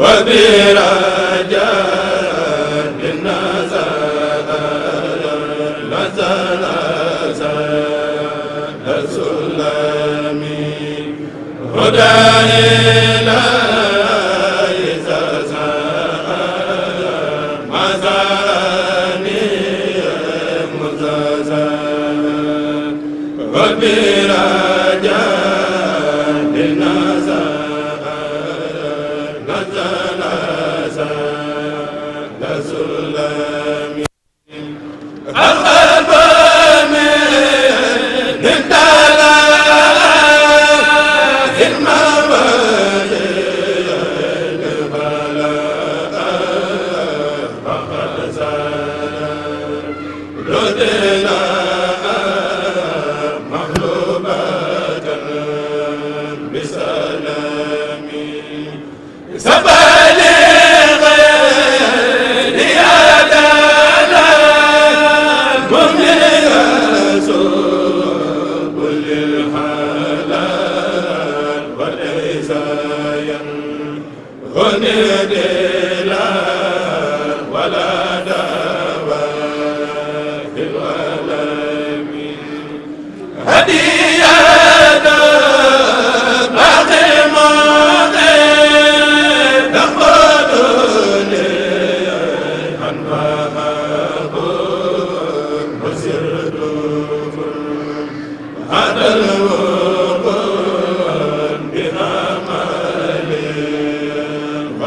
Wabira bi غني لا ولا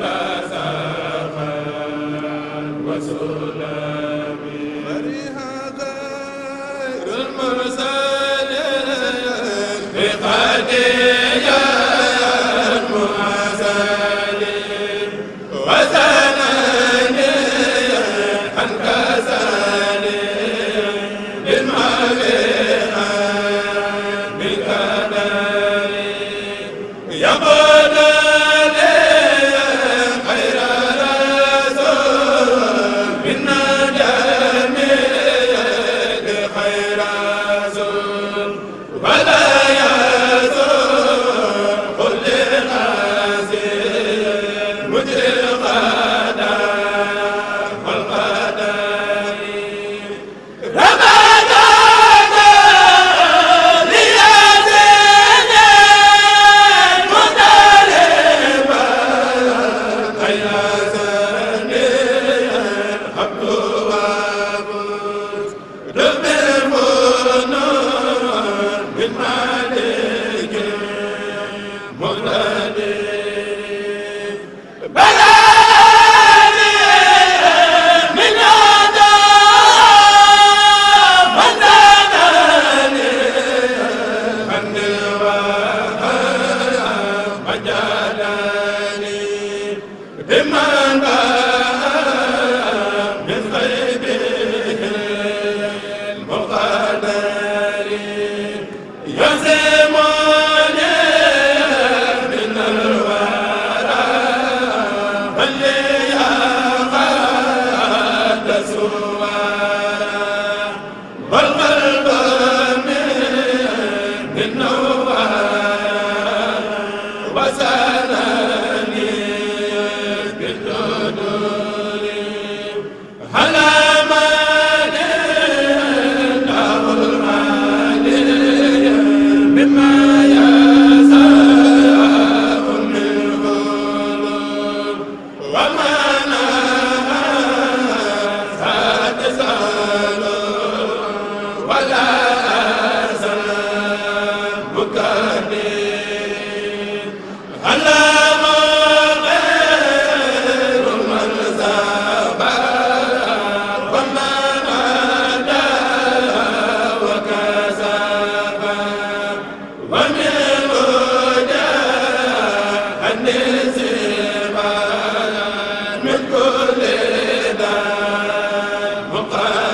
la ba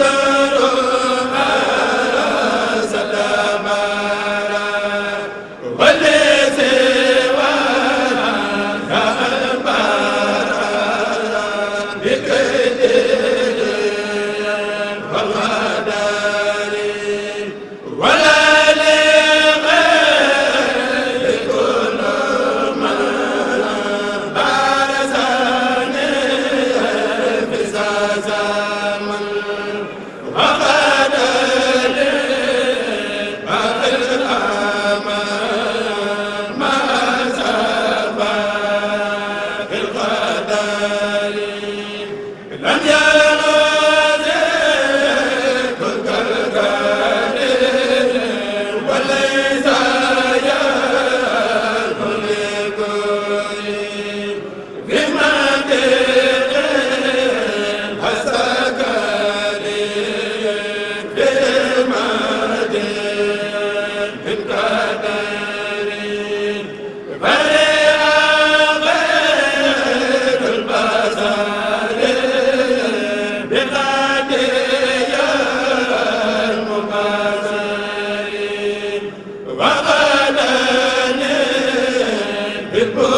Muhammad it will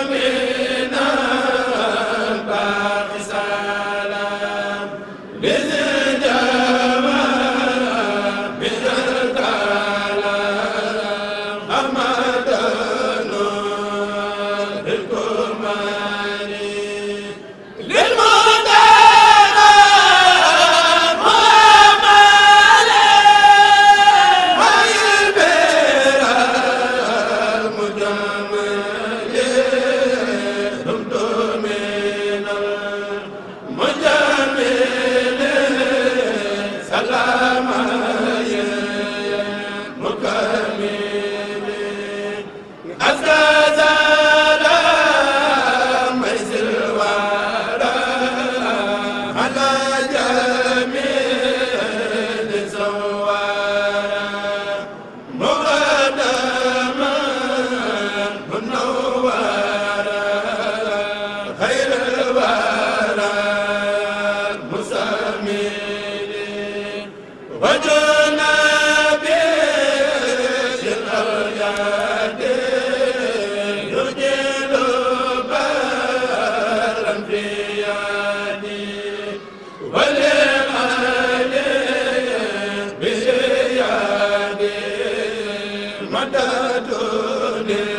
amiin madadu